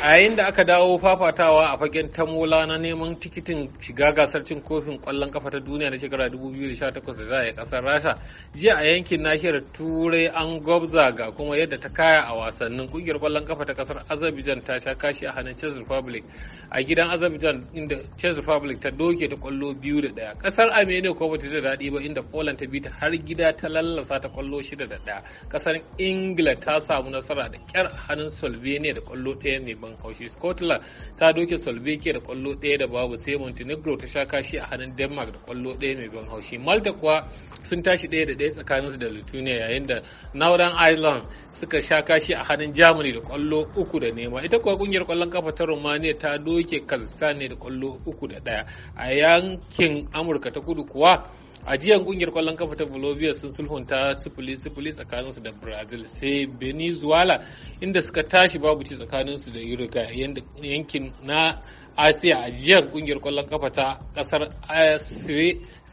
a yayin da aka dawo fafatawa a fagen tamola na neman tikitin shiga gasar cin kofin kwallon kafa ta duniya na shekara 2018 da za a yi kasar rasha jiya a yankin nahiyar turai an gwabza ga kuma yadda ta kaya a wasannin kungiyar kwallon kafa ta kasar azerbaijan ta sha kashi a hannun chess republic a gidan azerbaijan inda chess republic ta doke ta kwallo biyu da daya kasar armenia ko bata da daɗi ba inda poland ta bi ta har gida ta lallasa ta kwallo shida da daya kasar ingila ta samu nasara da kyar hannun slovenia da kwallo ɗaya mai kafin haushi scotland ta doke salbeke da kwallo ɗaya da babu sai montenegro ta sha kashi a hannun denmark da kwallo ɗaya mai ban haushi malta kuwa sun tashi ɗaya da ɗaya tsakaninsu da lithuania yayin da northern ireland suka sha kashi a hannun germany da kwallo uku da nema ita kuwa kungiyar kwallon kafa ta romania ta doke kazakhstan ne da kwallo uku da ɗaya a yankin amurka ta kudu kuwa ajiyar kungiyar kwallon kafa ta bolivia sun sulhunta sifili sifili tsakanin su da brazil sai venezuela inda suka tashi babu ci tsakanin su da uruguay yankin na asiya ajiyar kungiyar kwallon kafa ta kasar eh,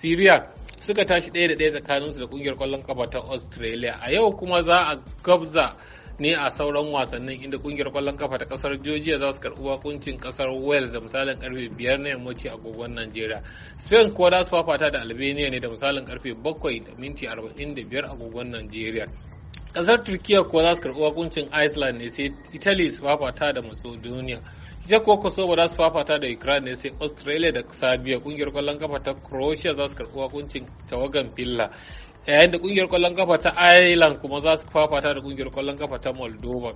syria suka tashi ɗaya da ɗaya tsakanin su da kungiyar kwallon kafa ta australia a yau kuma za a gabza ne a sauran wasannin inda kungiyar kwallon kafa ta kasar Georgia za su karbi wakuncin kasar Wales da misalin karfe 5 na yammaci a gogon Najeriya. Spain kuwa za su fafata da Albania ne da misalin karfe 7 da minti 45 gogon Najeriya. kasar turkiya kuwa za su karbi wakuncin iceland ne sai italy su fafata da macedonia ita kuwa kosovo za su fafata da ukraine ne sai australia da serbia kungiyar kwallon kafa ta croatia za su karbi wakuncin tawagan finland yayin da kungiyar kwallon kafa ta Ireland kuma za su fafata da kungiyar kwallon kafa ta Moldova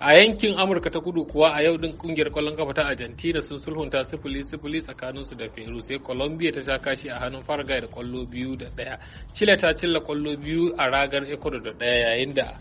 a yankin amurka ta kudu kuwa a yau din kungiyar kwallon kafa ta argentina sun sulhunta sifili sifili tsakanin su da peru sai colombia ta sha kashi a hannun farga da kwallo biyu da daya chile ta cilla kwallo biyu a ragar ecuador da daya yayin da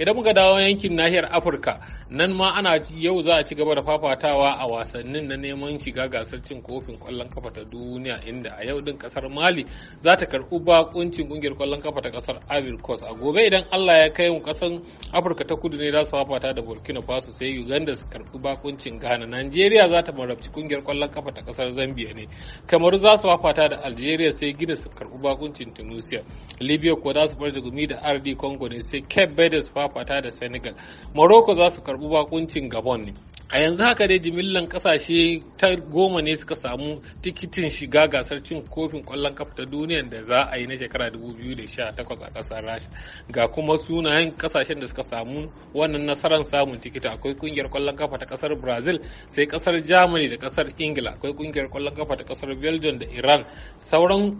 idan muka dawo yankin nahiyar afirka nan ma ana yau za a ci gaba da fafatawa a wasannin na neman shiga gasar cin kofin kwallon kafa ta duniya inda a yau din kasar mali za ta karɓi bakuncin kungiyar kwallon kafa ta kasar ivory coast a gobe idan allah ya kai mu kasan afirka ta kudu ne za su fafata da burkina faso sai uganda su karɓi bakuncin ghana nigeria za ta marabci kungiyar kwallon kafa ta kasar zambia ne kamaru za su fafata da algeria sai gina su karbi bakuncin tunisia libya kuwa za su farce gumi da rd congo ne sai cape verde su kwata da Senegal. Morocco za su karbi bakuncin Gabon ne. a yanzu haka dai jimillan kasashe ta goma ne suka samu tikitin shiga gasar cin kofin kwallon kafa ta duniya da za a yi na shekara 2018 a kasar rasha ga kuma sunayen kasashen da suka samu wannan nasarar samun tikiti akwai kungiyar kwallon kafa ta kasar brazil sai kasar germany da kasar ingila akwai kungiyar kwallon kafa ta kasar belgium da iran sauran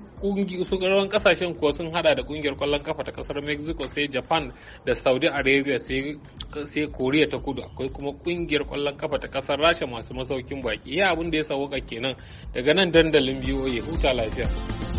sauran kasashen kuwa sun hada da kungiyar kwallon kafa ta kasar mexico sai japan da saudi arabia sai sai koriya ta kudu akwai kuma kungiyar kwallon kafa ta kasar rasha masu masaukin baki ya abin da ya sauka kenan daga nan dandalin biyu ya huta lafiya